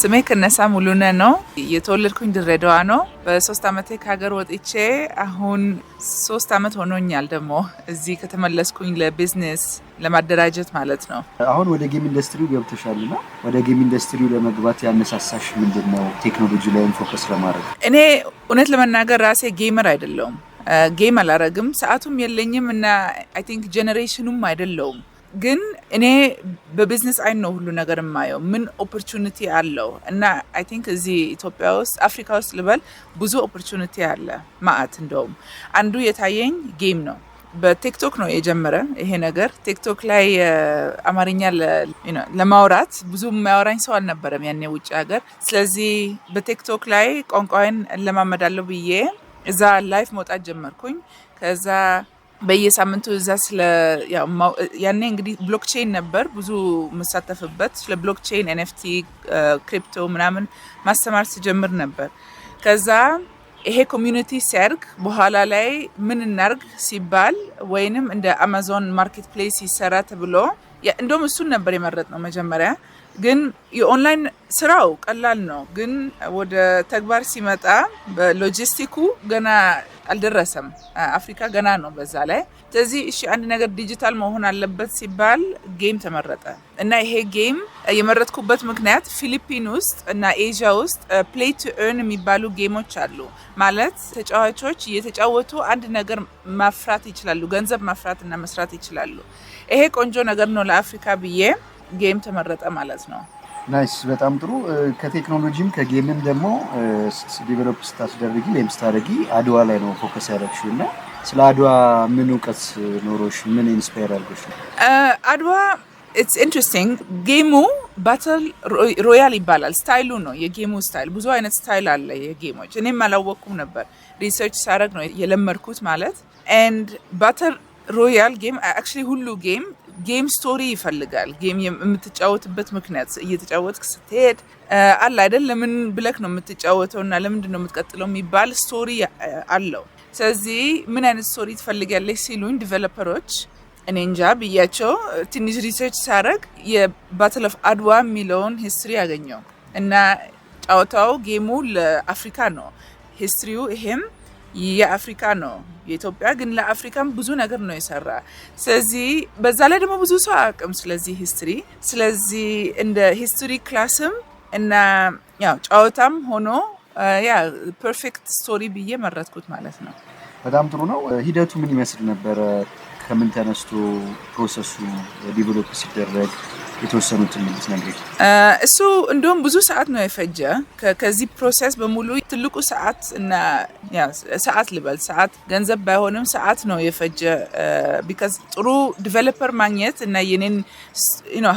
ስሜ ከነሳ ሙሉነ ነው። የተወለድኩኝ ድሬዳዋ ነው። በሶስት ዓመቴ ከሀገር ወጥቼ አሁን ሶስት አመት ሆኖኛል። ደግሞ እዚህ ከተመለስኩኝ ለቢዝነስ ለማደራጀት ማለት ነው። አሁን ወደ ጌም ኢንዱስትሪው ገብተሻል እና ወደ ጌም ኢንዱስትሪው ለመግባት ያነሳሳሽ ምንድን ነው? ቴክኖሎጂ ላይም ፎከስ ለማድረግ እኔ እውነት ለመናገር ራሴ ጌመር አይደለውም ጌም አላረግም፣ ሰዓቱም የለኝም እና አይ ቲንክ ጀኔሬሽኑም አይደለውም ግን እኔ በቢዝነስ አይን ነው ሁሉ ነገር የማየው፣ ምን ኦፖርቹኒቲ አለው እና አይ ቲንክ እዚህ ኢትዮጵያ ውስጥ አፍሪካ ውስጥ ልበል ብዙ ኦፖርቹኒቲ አለ ማአት። እንደውም አንዱ የታየኝ ጌም ነው። በቲክቶክ ነው የጀመረ ይሄ ነገር። ቲክቶክ ላይ አማርኛ ለማውራት ብዙ የሚያወራኝ ሰው አልነበረም ያኔ ውጭ ሀገር። ስለዚህ በቲክቶክ ላይ ቋንቋዬን ለማመዳለው ብዬ እዛ ላይፍ መውጣት ጀመርኩኝ ከዛ በየሳምንቱ እዛ ስለ ያኔ እንግዲህ ብሎክቼን ነበር ብዙ የምሳተፍበት ስለ ብሎክቼን ኤንኤፍቲ ክሪፕቶ ምናምን ማስተማር ስጀምር ነበር። ከዛ ይሄ ኮሚዩኒቲ ሲያድግ በኋላ ላይ ምን እናርግ ሲባል ወይንም እንደ አማዞን ማርኬት ፕሌስ ይሰራ ተብሎ እንደውም እሱን ነበር የመረጥ ነው መጀመሪያ ግን የኦንላይን ስራው ቀላል ነው፣ ግን ወደ ተግባር ሲመጣ በሎጂስቲኩ ገና አልደረሰም። አፍሪካ ገና ነው በዛ ላይ። ስለዚህ እሺ አንድ ነገር ዲጂታል መሆን አለበት ሲባል ጌም ተመረጠ እና ይሄ ጌም የመረጥኩበት ምክንያት ፊሊፒን ውስጥ እና ኤዥያ ውስጥ ፕሌይ ቱ ኤርን የሚባሉ ጌሞች አሉ። ማለት ተጫዋቾች እየተጫወቱ አንድ ነገር ማፍራት ይችላሉ፣ ገንዘብ ማፍራት እና መስራት ይችላሉ። ይሄ ቆንጆ ነገር ነው ለአፍሪካ ብዬ ጌም ተመረጠ ማለት ነው። ናይስ በጣም ጥሩ። ከቴክኖሎጂም ከጌምም ደግሞ ዲቨሎፕ ስታስደርጊ ወይም ስታደርጊ አድዋ ላይ ነው ፎከስ ያደረግሽው እና ስለ አድዋ ምን እውቀት ኖሮሽ ምን ኢንስፓየር አድርጎሽ ነው? አድዋ ኢትስ ኢንትረስቲንግ ጌሙ ባትል ሮያል ይባላል። ስታይሉ ነው የጌሙ ስታይል። ብዙ አይነት ስታይል አለ የጌሞች። እኔም አላወቅኩም ነበር፣ ሪሰርች ሳደርግ ነው የለመድኩት ማለት ኤንድ ባትል ሮያል ጌም አክቹዋሊ ሁሉ ጌም ጌም ስቶሪ ይፈልጋል። ጌም የምትጫወትበት ምክንያት እየተጫወትክ ስትሄድ አለ አይደል፣ ለምን ብለክ ነው የምትጫወተው እና ለምንድን ነው የምትቀጥለው የሚባል ስቶሪ አለው። ስለዚህ ምን አይነት ስቶሪ ትፈልጊያለሽ ሲሉኝ ዲቨሎፐሮች እኔ እንጃ ብያቸው ትንሽ ሪሰርች ሳረግ የባትል ኦፍ አድዋ የሚለውን ሂስትሪ ያገኘው እና ጨዋታው ጌሙ ለአፍሪካ ነው ሂስትሪው ይሄም የአፍሪካ ነው የኢትዮጵያ ግን ለአፍሪካም ብዙ ነገር ነው የሰራ። ስለዚህ በዛ ላይ ደግሞ ብዙ ሰው አቅም ስለዚህ ሂስትሪ ስለዚህ እንደ ሂስትሪ ክላስም እና ያው ጨዋታም ሆኖ ያ ፐርፌክት ስቶሪ ብዬ መረጥኩት ማለት ነው። በጣም ጥሩ ነው። ሂደቱ ምን ይመስል ነበረ? ከምን ተነስቶ ፕሮሰሱ ዲቨሎፕ ሲደረግ የተወሰኑትን ልትነግሪኝ? እሱ እንደውም ብዙ ሰዓት ነው የፈጀ። ከዚህ ፕሮሰስ በሙሉ ትልቁ ሰዓት እና ሰዓት ልበል ሰዓት ገንዘብ ባይሆንም ሰዓት ነው የፈጀ። ቢካዝ ጥሩ ዲቨሎፐር ማግኘት እና የኔን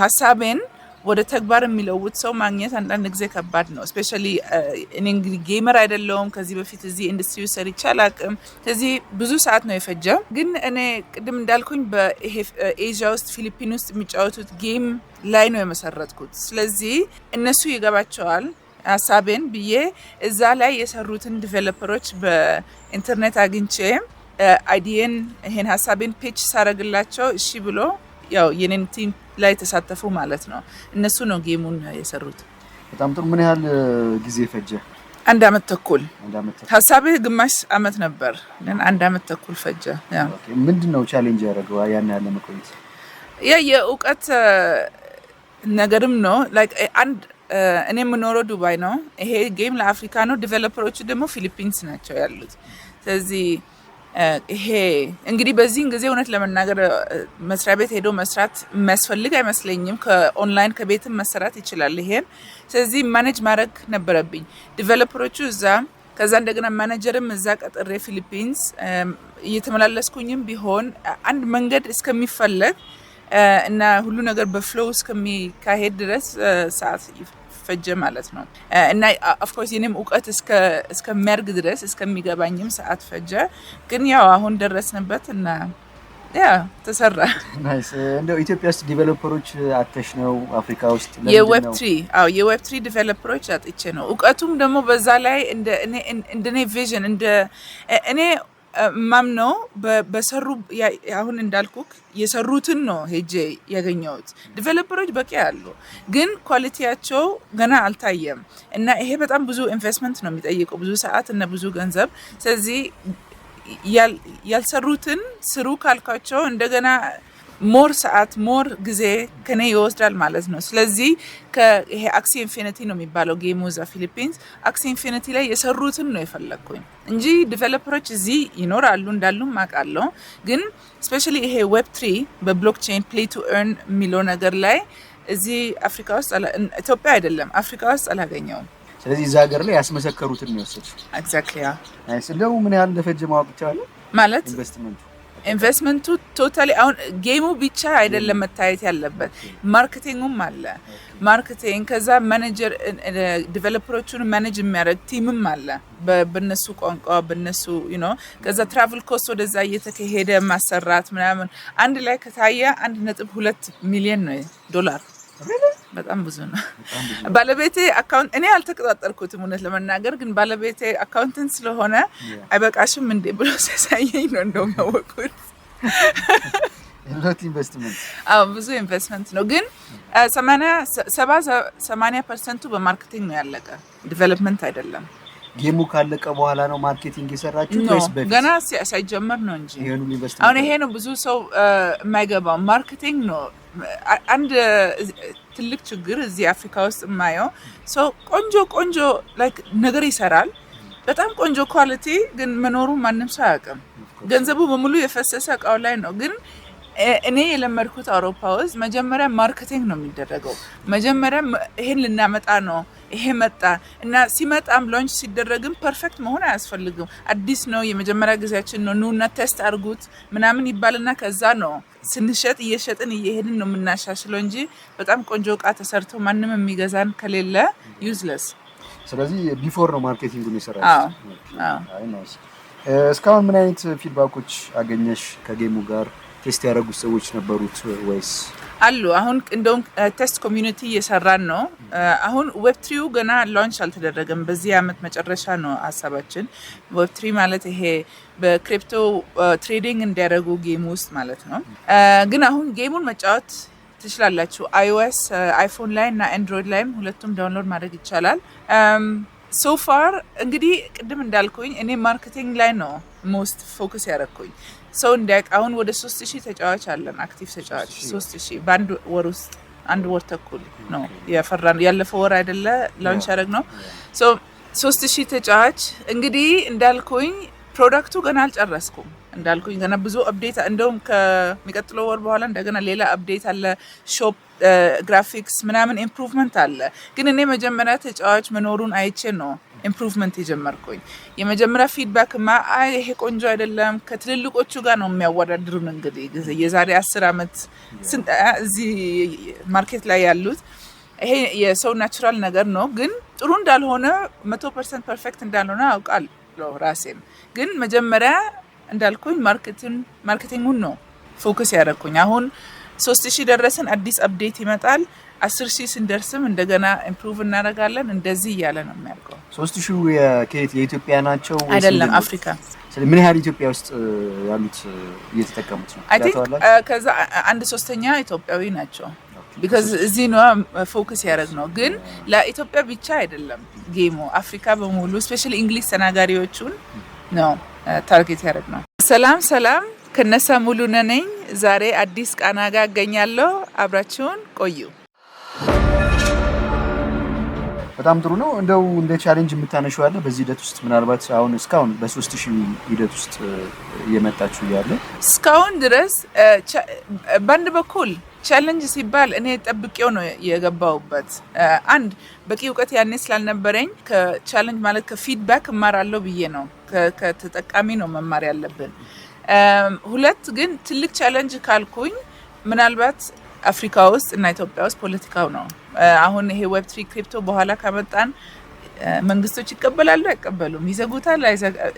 ሀሳቤን ወደ ተግባር የሚለውጥ ሰው ማግኘት አንዳንድ ጊዜ ከባድ ነው። እስፔሻሊ uh, እኔ እንግዲህ ጌመር አይደለውም። ከዚህ በፊት እዚህ ኢንዱስትሪ ሰርቼ አላቅም። ከዚህ ብዙ ሰዓት ነው የፈጀ። ግን እኔ ቅድም እንዳልኩኝ በኤዥያ uh, ውስጥ ፊሊፒን ውስጥ የሚጫወቱት ጌም ላይ ነው የመሰረትኩት። ስለዚህ እነሱ ይገባቸዋል ሀሳቤን ብዬ እዛ ላይ የሰሩትን ዲቨሎፐሮች በኢንተርኔት አግኝቼ አይዲየን uh, ይሄን ሀሳቤን ፔች ሳረግላቸው እሺ ብሎ ያው የኔን ቲም ላይ ተሳተፉ ማለት ነው። እነሱ ነው ጌሙን የሰሩት። በጣም ጥሩ። ምን ያህል ጊዜ ፈጀ? አንድ አመት ተኩል። ሀሳቤ ግማሽ አመት ነበር፣ ግን አንድ አመት ተኩል ፈጀ። ምንድን ነው ቻሌንጅ ያደረገው ያን ያለ መቆየት? ያ የእውቀት ነገርም ነው። አንድ እኔ የምኖረው ዱባይ ነው። ይሄ ጌም ለአፍሪካ ነው፣ ዲቨሎፐሮቹ ደግሞ ፊሊፒንስ ናቸው ያሉት። ስለዚህ ይሄ እንግዲህ በዚህን ጊዜ እውነት ለመናገር መስሪያ ቤት ሄዶ መስራት የሚያስፈልግ አይመስለኝም። ከኦንላይን ከቤትም መሰራት ይችላል ይሄን። ስለዚህ ማኔጅ ማድረግ ነበረብኝ ዲቨሎፐሮቹ እዛ፣ ከዛ እንደገና ማኔጀርም እዛ ቀጥሬ ፊሊፒንስ እየተመላለስኩኝም ቢሆን አንድ መንገድ እስከሚፈለግ እና ሁሉ ነገር በፍሎው እስከሚካሄድ ድረስ ሰዓት ፈጀ ማለት ነው። እና ኦፍኮርስ የኔም እውቀት እስከሚያርግ ድረስ እስከሚገባኝም ሰዓት ፈጀ። ግን ያው አሁን ደረስንበት እና ያ ተሰራ። እንደው ኢትዮጵያ ውስጥ ዲቨሎፐሮች አተሽ ነው አፍሪካ ውስጥ የዌብ ትሪ አዎ፣ የዌብ ትሪ ዲቨሎፐሮች አጥቼ ነው። እውቀቱም ደግሞ በዛ ላይ እንደ እኔ ቪዥን እንደ እኔ ማም በሰሩ አሁን እንዳልኩክ የሰሩትን ነው ሄጄ ያገኘሁት። ዲቨሎፐሮች በቂ አሉ፣ ግን ኳሊቲያቸው ገና አልታየም እና ይሄ በጣም ብዙ ኢንቨስትመንት ነው የሚጠይቀው ብዙ ሰዓት እና ብዙ ገንዘብ። ስለዚህ ያልሰሩትን ስሩ ካልኳቸው እንደገና ሞር ሰዓት ሞር ጊዜ ከኔ ይወስዳል ማለት ነው። ስለዚህ ይሄ አክሲ ኢንፊኒቲ ነው የሚባለው ጌሙ ዛ ፊሊፒንስ አክሲ ኢንፊኒቲ ላይ የሰሩትን ነው የፈለግኩኝ እንጂ ዲቨሎፐሮች እዚህ ይኖራሉ እንዳሉም አውቃለሁ። ግን ስፔሻሊ ይሄ ዌብ ትሪ በብሎክቼን ፕሌይ ቱ ኤርን የሚለው ነገር ላይ እዚህ አፍሪካ ውስጥ ኢትዮጵያ አይደለም አፍሪካ ውስጥ አላገኘውም። ስለዚህ እዛ ሀገር ላይ ያስመሰከሩትን ነው የወሰድሽው? ኤግዛክትሊ። ስለው ምን ያህል እንደፈጀ ማወቅ ይቻላል ማለት ኢንቨስትመንቱ ኢንቨስትመንቱ ቶታሊ አሁን ጌሙ ብቻ አይደለም መታየት ያለበት፣ ማርኬቲንጉም አለ። ማርኬቲንግ ከዛ ማኔጀር ዲቨሎፐሮቹን ማኔጅ የሚያደርግ ቲምም አለ በነሱ ቋንቋ በነሱ ዩ ከዛ ትራቭል ኮስት ወደዛ እየተካሄደ ማሰራት ምናምን አንድ ላይ ከታየ አንድ ነጥብ ሁለት ሚሊዮን ነው ዶላር በጣም ብዙ ነው። ባለቤቴ አካውንት እኔ አልተቀጣጠርኩትም እውነት ለመናገር ግን ባለቤቴ አካውንትን ስለሆነ አይበቃሽም እንዴ ብሎ ሲያሳየኝ ነው እንደውም ያወቁት። ብዙ ኢንቨስትመንት ነው ግን ሰማንያ ፐርሰንቱ በማርኬቲንግ ነው ያለቀ፣ ዲቨሎፕመንት አይደለም። ጌሙ ካለቀ በኋላ ነው ማርኬቲንግ የሰራችሁት ገና ሳይጀመር ነው እንጂ አሁን ይሄ ነው ብዙ ሰው የማይገባው ማርኬቲንግ ነው አንድ ትልቅ ችግር እዚህ አፍሪካ ውስጥ የማየው ሰው ቆንጆ ቆንጆ ነገር ይሰራል። በጣም ቆንጆ ኳሊቲ ግን መኖሩ ማንም ሰው አያውቅም። ገንዘቡ በሙሉ የፈሰሰ እቃው ላይ ነው ግን እኔ የለመድኩት አውሮፓ ውስጥ መጀመሪያ ማርኬቲንግ ነው የሚደረገው። መጀመሪያ ይሄን ልናመጣ ነው ይሄ መጣ እና ሲመጣም ሎንች ሲደረግም ፐርፌክት መሆን አያስፈልግም። አዲስ ነው፣ የመጀመሪያ ጊዜያችን ነው፣ ኑና ቴስት አድርጉት ምናምን ይባልና ከዛ ነው ስንሸጥ እየሸጥን እየሄድን ነው የምናሻሽለው እንጂ በጣም ቆንጆ እቃ ተሰርቶ ማንም የሚገዛን ከሌለ ዩዝለስ። ስለዚህ ቢፎር ነው ማርኬቲንግ የሰራ እስካሁን ምን አይነት ፊድባኮች አገኘሽ ከጌሙ ጋር? ቴስት ያደረጉት ሰዎች ነበሩት ወይስ አሉ? አሁን እንደውም ቴስት ኮሚዩኒቲ እየሰራን ነው። አሁን ዌብትሪው ገና ላንች አልተደረገም። በዚህ አመት መጨረሻ ነው ሀሳባችን። ዌብትሪ ማለት ይሄ በክሪፕቶ ትሬዲንግ እንዲያደረጉ ጌም ውስጥ ማለት ነው። ግን አሁን ጌሙን መጫወት ትችላላችሁ። አይኦኤስ አይፎን ላይ እና አንድሮይድ ላይም ሁለቱም ዳውንሎድ ማድረግ ይቻላል። ሶፋር እንግዲህ ቅድም እንዳልኩኝ እኔ ማርኬቲንግ ላይ ነው ሞስት ፎከስ ያደረግኩኝ ሰው እንዲያውቅ አሁን ወደ ሶስት ሺህ ተጫዋች አለን። አክቲቭ ተጫዋች ሶስት ሺህ በአንድ ወር ውስጥ አንድ ወር ተኩል ነው የፈራ ነው ያለፈው ወር አይደለ ላንች ያደረግ ነው። ሶስት ሺህ ተጫዋች እንግዲህ እንዳልኩኝ ፕሮዳክቱ ገና አልጨረስኩም እንዳልኩኝ ገና ብዙ አፕዴት እንደውም ከሚቀጥለው ወር በኋላ እንደገና ሌላ አፕዴት አለ። ሾፕ ግራፊክስ ምናምን ኢምፕሩቭመንት አለ። ግን እኔ መጀመሪያ ተጫዋች መኖሩን አይቼ ነው ኢምፕሩቭመንት የጀመርኩኝ። የመጀመሪያ ፊድባክማ አይ ይሄ ቆንጆ አይደለም ከትልልቆቹ ጋር ነው የሚያወዳድሩን። እንግዲህ የዛሬ አስር ዓመት እዚህ ማርኬት ላይ ያሉት ይሄ የሰው ናቹራል ነገር ነው፣ ግን ጥሩ እንዳልሆነ መቶ ፐርሰንት ፐርፌክት እንዳልሆነ አውቃለሁ ራሴም። ግን መጀመሪያ እንዳልኩኝ ማርኬቲንጉን ነው ፎከስ ያደረግኩኝ። አሁን ሶስት ሺህ ደረስን። አዲስ አፕዴት ይመጣል። አስር ሺህ ስንደርስም እንደገና ኢምፕሩቭ እናደርጋለን። እንደዚህ እያለ ነው የሚያልቀው። ሶስት ሺህ ከየት የኢትዮጵያ ናቸው አይደለም አፍሪካ ምን ያህል ኢትዮጵያ ውስጥ ያሉት እየተጠቀሙት ነው? Uh, ከዛ አንድ ሶስተኛ ኢትዮጵያዊ ናቸው። ቢካዝ እዚህ ነ ፎከስ ያደረግ ነው። ግን ለኢትዮጵያ ብቻ አይደለም ጌሞ፣ አፍሪካ በሙሉ ስፔሻሊ እንግሊዝ ተናጋሪዎቹን ነው ታርጌት uh, ያደረግ ነው። ሰላም ሰላም፣ ከነሳ ሙሉ ነነኝ። ዛሬ አዲስ ቃና ጋር እገኛለሁ። አብራችሁን ቆዩ። በጣም ጥሩ ነው። እንደው እንደ ቻሌንጅ የምታነሹ አለ በዚህ ሂደት ውስጥ ምናልባት አሁን እስካሁን በሶስት ሺህ ሂደት ውስጥ እየመጣችሁ እያለ እስካሁን ድረስ በአንድ በኩል ቻሌንጅ ሲባል እኔ ጠብቄው ነው የገባውበት። አንድ በቂ እውቀት ያኔ ስላልነበረኝ ከቻሌንጅ ማለት ከፊድባክ እማራለሁ ብዬ ነው። ከተጠቃሚ ነው መማር ያለብን። ሁለት ግን ትልቅ ቻሌንጅ ካልኩኝ ምናልባት አፍሪካ ውስጥ እና ኢትዮጵያ ውስጥ ፖለቲካው ነው። አሁን ይሄ ዌብ ትሪ ክሪፕቶ በኋላ ከመጣን መንግስቶች ይቀበላሉ አይቀበሉም፣ ይዘጉታል።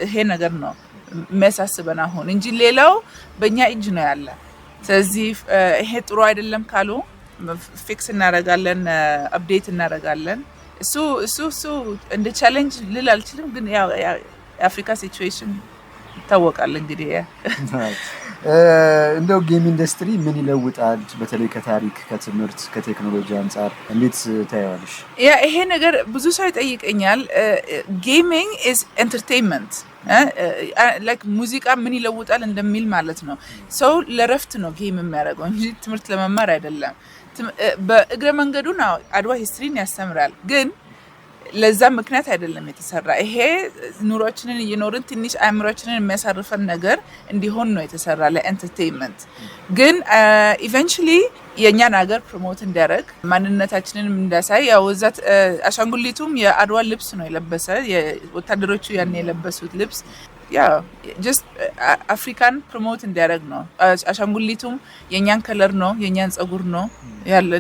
ይሄ ነገር ነው የሚያሳስበን አሁን እንጂ ሌላው በእኛ እጅ ነው ያለ። ስለዚህ ይሄ ጥሩ አይደለም ካሉ ፊክስ እናደርጋለን፣ አፕዴት እናደርጋለን። እሱ እሱ እሱ እንደ ቻሌንጅ ልል አልችልም፣ ግን የአፍሪካ ሲትዌሽን ይታወቃል እንግዲህ እንደው ጌም ኢንዱስትሪ ምን ይለውጣል? በተለይ ከታሪክ፣ ከትምህርት፣ ከቴክኖሎጂ አንጻር እንዴት ታየዋለሽ? ያ ይሄ ነገር ብዙ ሰው ይጠይቀኛል። ጌሚንግ ኢዝ ኤንተርቴንመንት ላይክ ሙዚቃ ምን ይለውጣል እንደሚል ማለት ነው። ሰው ለረፍት ነው ጌም የሚያደርገው እንጂ ትምህርት ለመማር አይደለም። በእግረ መንገዱን አድዋ ሂስትሪን ያስተምራል ግን ለዛ ምክንያት አይደለም የተሰራ። ይሄ ኑሯችንን እየኖርን ትንሽ አእምሯችንን የሚያሳርፈን ነገር እንዲሆን ነው የተሰራ ለኤንተርቴንመንት። ግን ኢቨንቹሊ የእኛን ሀገር ፕሮሞት እንዲያደረግ ማንነታችንን እንዳሳይ ያው እዛ አሻንጉሊቱም የአድዋ ልብስ ነው የለበሰ ወታደሮቹ ያን የለበሱት ልብስ ጀስት አፍሪካን ፕሮሞት እንዲያደረግ ነው። አሻንጉሊቱም የእኛን ከለር ነው የእኛን ጸጉር ነው ያለ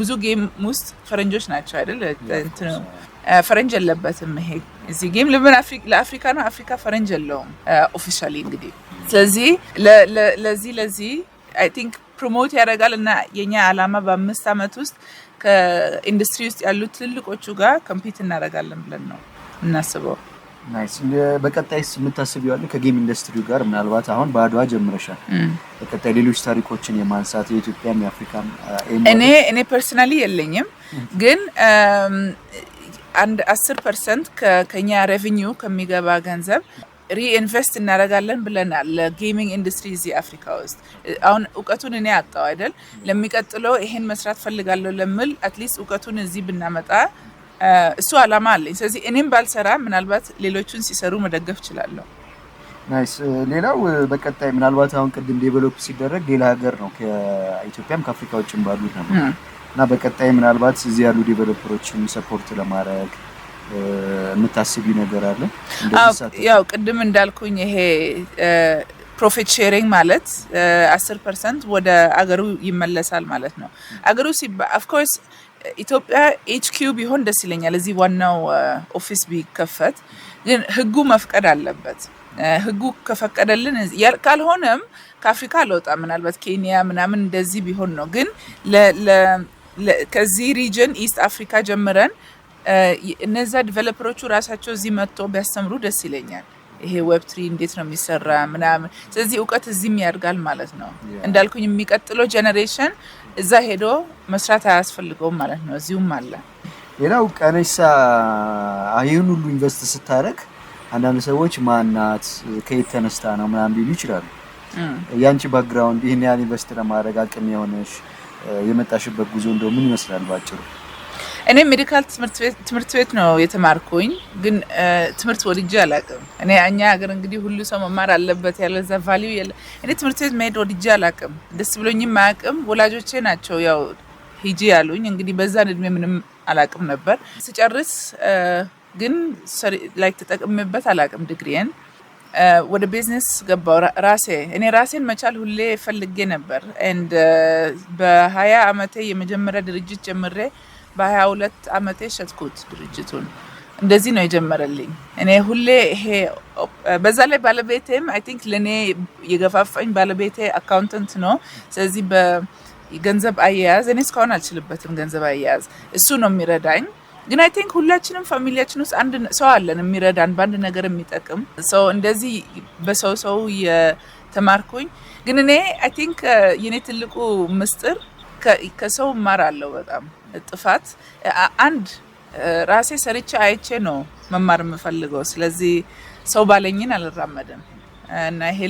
ብዙ ጌም ውስጥ ፈረንጆች ናቸው አይደል? ፈረንጅ የለበትም። ይሄ እዚህ ጌም ለአፍሪካ ነው፣ አፍሪካ ፈረንጅ የለውም ኦፊሻሊ እንግዲህ። ስለዚህ ለዚህ ለዚህ አይ ቲንክ ፕሮሞት ያደርጋል እና የኛ ዓላማ በአምስት ዓመት ውስጥ ከኢንዱስትሪ ውስጥ ያሉ ትልቆቹ ጋር ኮምፒት እናደርጋለን ብለን ነው እናስበው። በቀጣይ የምታስብ ያለ ከጌም ኢንዱስትሪው ጋር ምናልባት አሁን በአድዋ ጀምረሻል፣ በቀጣይ ሌሎች ታሪኮችን የማንሳት የኢትዮጵያም የአፍሪካም? እኔ እኔ ፐርሰናሊ የለኝም ግን አንድ አስር ፐርሰንት ከኛ ሬቨኒው ከሚገባ ገንዘብ ሪኢንቨስት እናደርጋለን ብለናል ለጌሚንግ ኢንዱስትሪ እዚህ አፍሪካ ውስጥ። አሁን እውቀቱን እኔ አጣው አይደል፣ ለሚቀጥለው ይሄን መስራት ፈልጋለሁ ለምል አትሊስት እውቀቱን እዚህ ብናመጣ እሱ አላማ አለኝ። ስለዚህ እኔም ባልሰራ ምናልባት ሌሎቹን ሲሰሩ መደገፍ እችላለሁ። ናይስ። uh, ሌላው uh, በቀጣይ ምናልባት አሁን ቅድም ዴቨሎፕ ሲደረግ ሌላ ሀገር ነው ከኢትዮጵያም ከአፍሪካ ውጭም ባሉ ነው እና በቀጣይ ምናልባት እዚህ ያሉ ዴቨሎፐሮችን ሰፖርት ለማድረግ uh, የምታስቢው ነገር አለ? ያው ቅድም እንዳልኩኝ ይሄ ፕሮፊት ሼሪንግ ማለት አስር ፐርሰንት ወደ አገሩ ይመለሳል ማለት ነው። አገሩ ኦፍኮርስ ኢትዮጵያ ኤችኪው ቢሆን ደስ ይለኛል፣ እዚህ ዋናው ኦፊስ ቢከፈት ግን ህጉ መፍቀድ አለበት። ህጉ ከፈቀደልን ካልሆነም ከአፍሪካ አልወጣ ምናልባት ኬንያ ምናምን እንደዚህ ቢሆን ነው። ግን ከዚህ ሪጅን ኢስት አፍሪካ ጀምረን እነዛ ዲቨሎፐሮቹ ራሳቸው እዚህ መጥቶ ቢያስተምሩ ደስ ይለኛል። ይሄ ዌብ ትሪ እንዴት ነው የሚሰራ ምናምን። ስለዚህ እውቀት እዚህም ያድጋል ማለት ነው። እንዳልኩኝ የሚቀጥለው ጀኔሬሽን እዛ ሄዶ መስራት አያስፈልገውም ማለት ነው። እዚሁም አለ ሌላው ቀነሳ፣ ይህን ሁሉ ኢንቨስት ስታደርግ አንዳንድ ሰዎች ማናት ከየት ተነስታ ነው ምናምን ሊሉ ይችላሉ። ያንቺ ባክግራውንድ ይህን ያህል ኢንቨስት ለማድረግ አቅም የሆነሽ የመጣሽበት ጉዞ እንደው ምን ይመስላል ባጭሩ? እኔ ሜዲካል ትምህርት ቤት ነው የተማርኩኝ፣ ግን ትምህርት ወድጄ አላቅም። እኔ እኛ ሀገር እንግዲህ ሁሉ ሰው መማር አለበት ያለ ዛ ቫሊዩ የለ። እኔ ትምህርት ቤት መሄድ ወድጄ አላቅም፣ ደስ ብሎኝም አያቅም። ወላጆቼ ናቸው ያው ሂጂ ያሉኝ። እንግዲህ በዛን እድሜ ምንም አላቅም ነበር ስጨርስ ግን ላይ ተጠቅምበት አላቅም። ዲግሪን ወደ ቢዝነስ ገባው ራሴ እኔ ራሴን መቻል ሁሌ ፈልጌ ነበር። ንድ በሀያ አመቴ የመጀመሪያ ድርጅት ጀምሬ በሀያ ሁለት አመቴ ሸጥኩት ድርጅቱን። እንደዚህ ነው የጀመረልኝ። እኔ ሁሌ ይሄ በዛ ላይ ባለቤቴም አይ ቲንክ ለእኔ የገፋፋኝ ባለቤቴ አካውንተንት ነው። ስለዚህ በገንዘብ አያያዝ እኔ እስካሁን አልችልበትም። ገንዘብ አያያዝ እሱ ነው የሚረዳኝ። ግን አይ ቲንክ ሁላችንም ፋሚሊያችን ውስጥ አንድ ሰው አለን የሚረዳን በአንድ ነገር የሚጠቅም ሰው። እንደዚህ በሰው ሰው የተማርኩኝ ግን እኔ አይ ቲንክ uh, የኔ ትልቁ ምስጢር ከሰው አለው በጣም ጥፋት አንድ ራሴ ሰርቼ አይቼ ነው መማር የምፈልገው። ስለዚህ ሰው ባለኝን አልራመድም እና ይሄ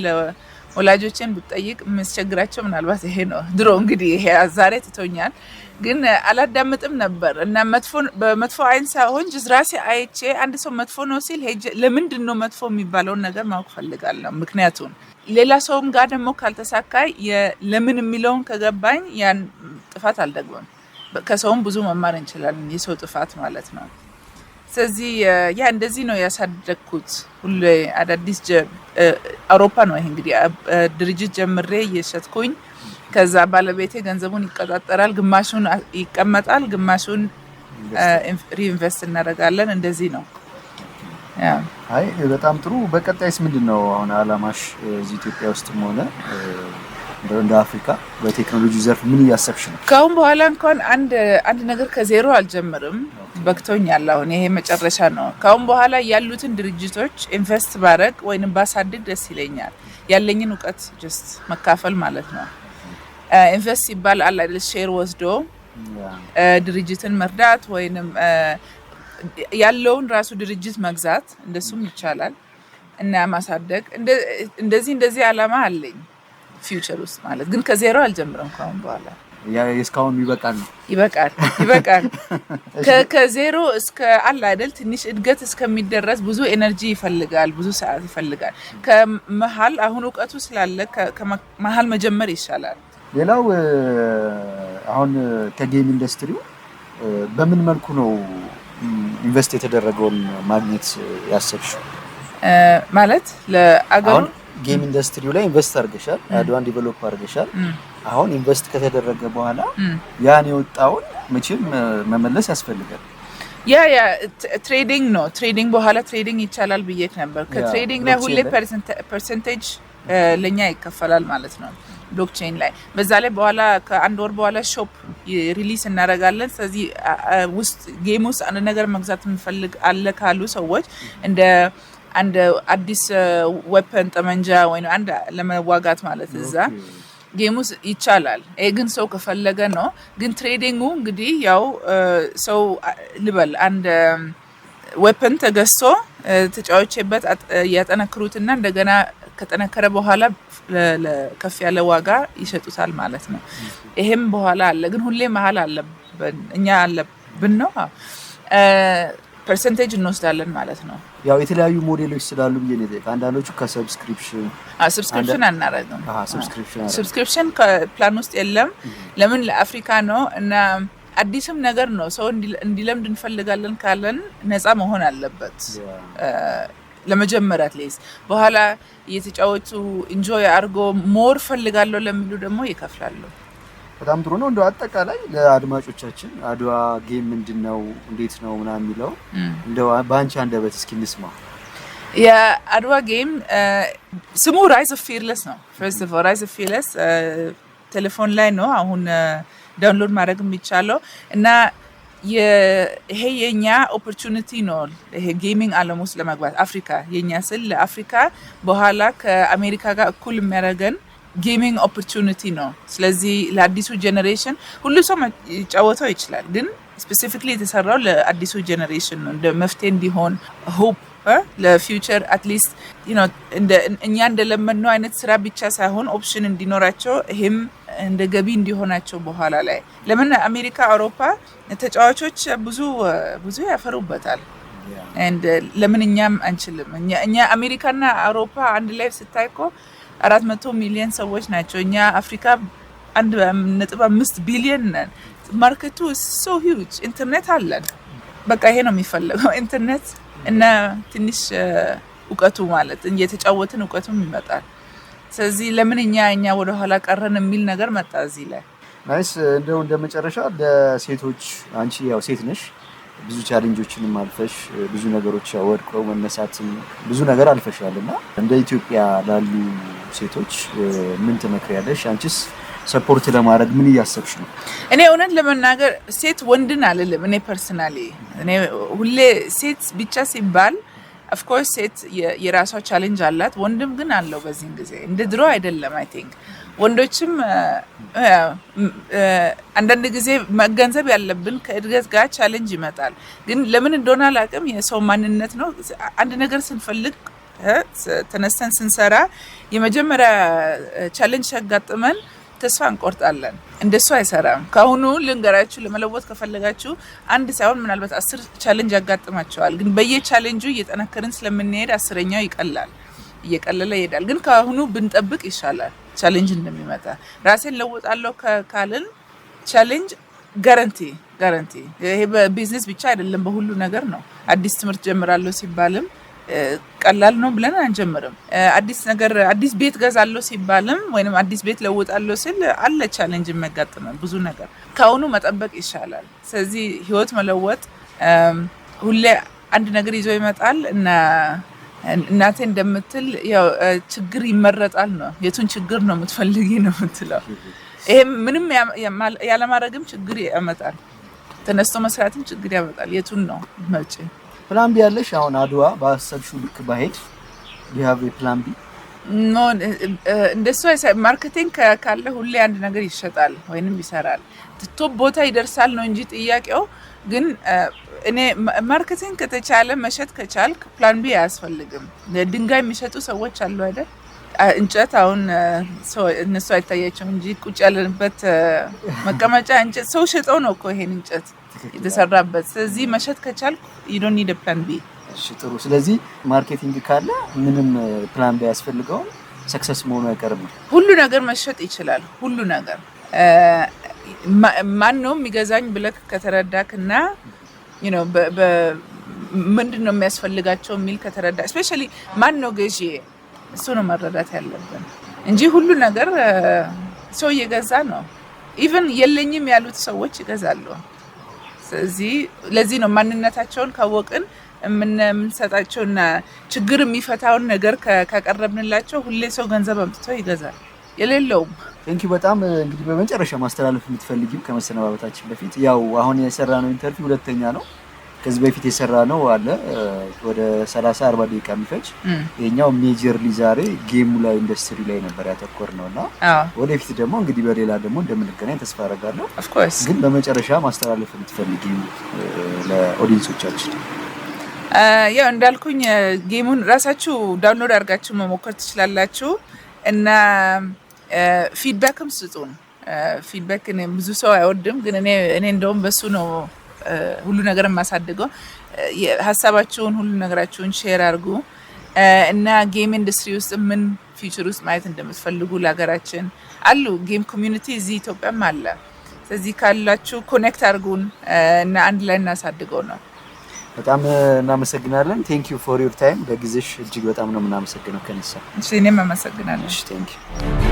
ወላጆችን ብጠይቅ የሚያስቸግራቸው ምናልባት ይሄ ነው። ድሮ እንግዲህ ይሄ ዛሬ ትቶኛል፣ ግን አላዳምጥም ነበር እና በመጥፎ አይን ሳይሆን ራሴ አይቼ አንድ ሰው መጥፎ ነው ሲል ለምንድን ነው መጥፎ የሚባለውን ነገር ማወቅ ፈልጋለሁ። ምክንያቱም ሌላ ሰውም ጋር ደግሞ ካልተሳካይ ለምን የሚለውን ከገባኝ ያን ጥፋት አልደግምም። ከሰውም ብዙ መማር እንችላለን፣ የሰው ጥፋት ማለት ነው። ስለዚህ ያ እንደዚህ ነው ያሳደግኩት። ሁሌ አዳዲስ አውሮፓ ነው ይሄ እንግዲህ ድርጅት ጀምሬ እየሸጥኩኝ፣ ከዛ ባለቤቴ ገንዘቡን ይቀጣጠራል፣ ግማሹን ይቀመጣል፣ ግማሹን ሪኢንቨስት እናደርጋለን። እንደዚህ ነው። አይ በጣም ጥሩ። በቀጣይስ ምንድን ነው አሁን አላማሽ እዚህ ኢትዮጵያ ውስጥም ሆነ እንደ አፍሪካ በቴክኖሎጂ ዘርፍ ምን እያሰብሽ ነው? ከአሁን በኋላ እንኳን አንድ አንድ ነገር ከዜሮ አልጀምርም። በቅቶኛል። አሁን ይሄ መጨረሻ ነው። ከአሁን በኋላ ያሉትን ድርጅቶች ኢንቨስት ባረግ ወይንም ባሳድግ ደስ ይለኛል። ያለኝን እውቀት ጀስት መካፈል ማለት ነው። ኢንቨስት ሲባል አለ አይደል? ሼር ወስዶ ድርጅትን መርዳት ወይንም ያለውን ራሱ ድርጅት መግዛት እንደሱም ይቻላል እና ማሳደግ እንደዚህ እንደዚህ አላማ አለኝ። ፊውቸር ውስጥ ማለት ግን ከዜሮ አልጀምረም። ከአሁን በኋላ እስካሁን ይበቃል ነው ይበቃል ይበቃል። ከዜሮ እስከ አለ አይደል ትንሽ እድገት እስከሚደረስ ብዙ ኤነርጂ ይፈልጋል፣ ብዙ ሰዓት ይፈልጋል። ከመሀል አሁን እውቀቱ ስላለ ከመሀል መጀመር ይሻላል። ሌላው አሁን ከጌም ኢንዱስትሪው በምን መልኩ ነው ኢንቨስት የተደረገውን ማግኘት ያሰብሽው? ማለት ለአገሩ ጌም ኢንዱስትሪው ላይ ኢንቨስት አድርገሻል፣ አድዋን ዲቨሎፕ አድርገሻል። አሁን ኢንቨስት ከተደረገ በኋላ ያን የወጣውን መቼም መመለስ ያስፈልጋል። ያ ያ ትሬዲንግ ነው። ትሬዲንግ በኋላ ትሬዲንግ ይቻላል ብዬት ነበር። ከትሬዲንግ ላይ ሁሌ ፐርሰንቴጅ ለእኛ ይከፈላል ማለት ነው ብሎክቼን ላይ። በዛ ላይ በኋላ ከአንድ ወር በኋላ ሾፕ ሪሊስ እናደርጋለን። ስለዚህ ውስጥ ጌም ውስጥ አንድ ነገር መግዛት የምፈልግ አለ ካሉ ሰዎች እንደ አንድ አዲስ ወፐን ጠመንጃ ወይ አንድ ለመዋጋት ማለት እዛ ጌሙስ ይቻላል። ይሄ ግን ሰው ከፈለገ ነው። ግን ትሬዲንጉ እንግዲህ ያው ሰው ልበል አንድ ዌፐን ተገዝቶ ተጫዋቾችበት ያጠነክሩትና እንደገና ከጠነከረ በኋላ ከፍ ያለ ዋጋ ይሸጡታል ማለት ነው። ይሄም በኋላ አለ፣ ግን ሁሌ መሀል አለብን እኛ አለብን ነው ፐርሰንቴጅ እንወስዳለን ማለት ነው። ያው የተለያዩ ሞዴሎች ስላሉ ብዬ ነው አንዳንዶቹ ከሰብስክሪፕሽን ሰብስክሪፕሽን አናረግም። ሰብስክሪፕሽን ከፕላን ውስጥ የለም። ለምን ለአፍሪካ ነው እና አዲስም ነገር ነው። ሰው እንዲለምድ እንፈልጋለን ካለን ነፃ መሆን አለበት ለመጀመሪያ ትሌስ በኋላ እየተጫወቱ ኢንጆይ አድርጎ ሞር ፈልጋለሁ ለሚሉ ደግሞ ይከፍላሉ። በጣም ጥሩ ነው። እንደው አጠቃላይ ለአድማጮቻችን አድዋ ጌም ምንድን ነው፣ እንዴት ነው ምናምን የሚለው እንደው በአንቺ አንደበት እስኪ እንስማ። የአድዋ ጌም ስሙ ራይዝ ኦፍ ፊርለስ ነው። ፈርስት ኦፍ ኦል ራይዝ ኦፍ ፊርለስ ቴሌፎን ላይ ነው አሁን ዳውንሎድ ማድረግ የሚቻለው እና ይሄ የኛ ኦፖርቹኒቲ ነው። ይሄ ጌሚንግ አለም ውስጥ ለመግባት አፍሪካ የኛ ስል ለአፍሪካ በኋላ ከአሜሪካ ጋር እኩል የሚያደርገን ጌሚንግ ኦፖርቹኒቲ ነው። ስለዚህ ለአዲሱ ጀኔሬሽን ሁሉ ሰው ጫወተው ይችላል፣ ግን ስፔሲፊክሊ የተሰራው ለአዲሱ ጀኔሬሽን ነው እንደ መፍትሄ እንዲሆን ሆፕ ለፊውቸር አትሊስት እኛ እንደለመድነው አይነት ስራ ብቻ ሳይሆን ኦፕሽን እንዲኖራቸው ይህም እንደ ገቢ እንዲሆናቸው በኋላ ላይ ለምን አሜሪካ፣ አውሮፓ ተጫዋቾች ብዙ ብዙ ያፈሩበታል። ለምን እኛም አንችልም? እኛ አሜሪካና አውሮፓ አንድ ላይ ስታይ እኮ አራት መቶ ሚሊዮን ሰዎች ናቸው። እኛ አፍሪካ አንድ ነጥብ አምስት ቢሊዮን ነን። ማርኬቱ ሶ ሂውጅ ኢንተርኔት አለን። በቃ ይሄ ነው የሚፈለገው ኢንተርኔት እና ትንሽ እውቀቱ ማለት እየተጫወትን እውቀቱም ይመጣል። ስለዚህ ለምን እኛ እኛ ወደኋላ ቀረን የሚል ነገር መጣ እዚህ ላይ ናይስ። እንደው እንደመጨረሻ ለሴቶች አንቺ ያው ሴት ነሽ ብዙ ቻሌንጆችንም አልፈሽ ብዙ ነገሮች ወድቀው መነሳትን ብዙ ነገር አልፈሻል እና እንደ ኢትዮጵያ ላሉ ሴቶች ምን ትመክሪያለሽ? አንቺስ ሰፖርት ለማድረግ ምን እያሰብሽ ነው? እኔ እውነት ለመናገር ሴት ወንድን አልልም። እኔ ፐርስናሊ እኔ ሁሌ ሴት ብቻ ሲባል ኦፍኮርስ ሴት የራሷ ቻሌንጅ አላት፣ ወንድም ግን አለው። በዚህን ጊዜ እንደ ድሮ አይደለም አይ ቲንክ ወንዶችም አንዳንድ ጊዜ መገንዘብ ያለብን ከእድገት ጋር ቻለንጅ ይመጣል። ግን ለምን እንደሆነ አላውቅም፣ የሰው ማንነት ነው። አንድ ነገር ስንፈልግ ተነስተን ስንሰራ የመጀመሪያ ቻለንጅ ሲያጋጥመን ተስፋ እንቆርጣለን። እንደሱ አይሰራም። ከአሁኑ ልንገራችሁ፣ ለመለወጥ ከፈለጋችሁ አንድ ሳይሆን ምናልባት አስር ቻለንጅ ያጋጥማቸዋል። ግን በየቻለንጁ እየጠነከርን ስለምንሄድ አስረኛው ይቀላል፣ እየቀለለ ይሄዳል። ግን ከአሁኑ ብንጠብቅ ይሻላል። ቻሌንጅ እንደሚመጣ ራሴን ለውጣለው ካልን ቻሌንጅ ጋረንቲ ጋረንቲ ይሄ በቢዝነስ ብቻ አይደለም፣ በሁሉ ነገር ነው። አዲስ ትምህርት ጀምራለሁ ሲባልም ቀላል ነው ብለን አንጀምርም። አዲስ ነገር አዲስ ቤት ገዛለሁ ሲባልም ወይም አዲስ ቤት ለውጣለሁ ሲል አለ ቻሌንጅ የሚያጋጥመን ብዙ ነገር ከአሁኑ መጠበቅ ይሻላል። ስለዚህ ህይወት መለወጥ ሁሌ አንድ ነገር ይዞ ይመጣል እና እናቴ እንደምትል ያው ችግር ይመረጣል ነው። የቱን ችግር ነው የምትፈልጊ ነው የምትለው። ይሄ ምንም ያለማድረግም ችግር ያመጣል፣ ተነስቶ መስራትም ችግር ያመጣል። የቱን ነው መጪ ፕላን ቢ ያለሽ? አሁን አድዋ በአሰብሽው ልክ ባሄድ ቢሃቭ ፕላን ቢ እንደሱ ማርኬቲንግ ካለ ሁሌ አንድ ነገር ይሸጣል ወይንም ይሰራል፣ ትቶ ቦታ ይደርሳል ነው እንጂ ጥያቄው ግን እኔ ማርኬቲንግ ከተቻለ መሸጥ ከቻልክ ፕላን ቢ አያስፈልግም። ድንጋይ የሚሸጡ ሰዎች አሉ አይደል? እንጨት አሁን እነሱ አይታያቸው እንጂ ቁጭ ያለንበት መቀመጫ እንጨት ሰው ሸጠው ነው እኮ ይሄን እንጨት የተሰራበት። ስለዚህ መሸጥ ከቻልኩ ዩ ኒድ ፕላን ቢ። እሺ ጥሩ። ስለዚህ ማርኬቲንግ ካለ ምንም ፕላን ቢ ያስፈልገውም ሰክሰስ መሆኑ አይቀርም። ሁሉ ነገር መሸጥ ይችላል። ሁሉ ነገር ማን ነው የሚገዛኝ ብለክ ከተረዳክና። ምንድን ነው የሚያስፈልጋቸው የሚል ከተረዳ እስፔሻሊ ማን ነው ገዢ እሱ ነው መረዳት ያለብን እንጂ ሁሉ ነገር ሰው እየገዛ ነው። ኢቨን የለኝም ያሉት ሰዎች ይገዛሉ። ስለዚህ ለዚህ ነው ማንነታቸውን ካወቅን የምንሰጣቸውና ችግር የሚፈታውን ነገር ከቀረብንላቸው ሁሌ ሰው ገንዘብ አምጥቶ ይገዛል የሌለውም ቴንኪ በጣም uh, እንግዲህ በመጨረሻ ማስተላለፍ የምትፈልጊው ከመሰነባበታችን በፊት ያው አሁን የሰራ ነው ኢንተርቪው ሁለተኛ ነው። ከዚህ በፊት የሰራ ነው አለ uh, ወደ 30 40 ደቂቃ የሚፈጅ የኛው ሜጀርሊ ዛሬ ጌሙ ላይ ኢንዱስትሪ ላይ ነበር ያተኮር ነው እና ወደፊት ደግሞ እንግዲህ በሌላ ደግሞ እንደምንገናኝ ተስፋ አደርጋለሁ። ግን በመጨረሻ ማስተላለፍ የምትፈልጊው uh, ለኦዲየንሶቻችን ያው እንዳልኩኝ ጌሙን ራሳችሁ ዳውንሎድ አድርጋችሁ መሞከር ትችላላችሁ እና ፊድባክም ስጡን። ፊድባክ ብዙ ሰው አይወድም፣ ግን እኔ እንደውም በሱ ነው ሁሉ ነገር የማሳድገው። ሀሳባችሁን ሁሉ ነገራችሁን ሼር አድርጉ እና ጌም ኢንዱስትሪ ውስጥ ምን ፊውቸር ውስጥ ማየት እንደምትፈልጉ ለሀገራችን አሉ። ጌም ኮሚዩኒቲ እዚህ ኢትዮጵያም አለ። ስለዚህ ካላችሁ ኮኔክት አድርጉን እና አንድ ላይ እናሳድገው ነው። በጣም እናመሰግናለን። ቴንክ ዩ ፎር ዩር ታይም። በጊዜሽ እጅግ በጣም ነው የምናመሰግነው ከኒሳ። እኔም አመሰግናለሁ። ቴንክ ዩ